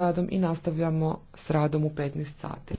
radom i nastavljamo s radom u 15 sati.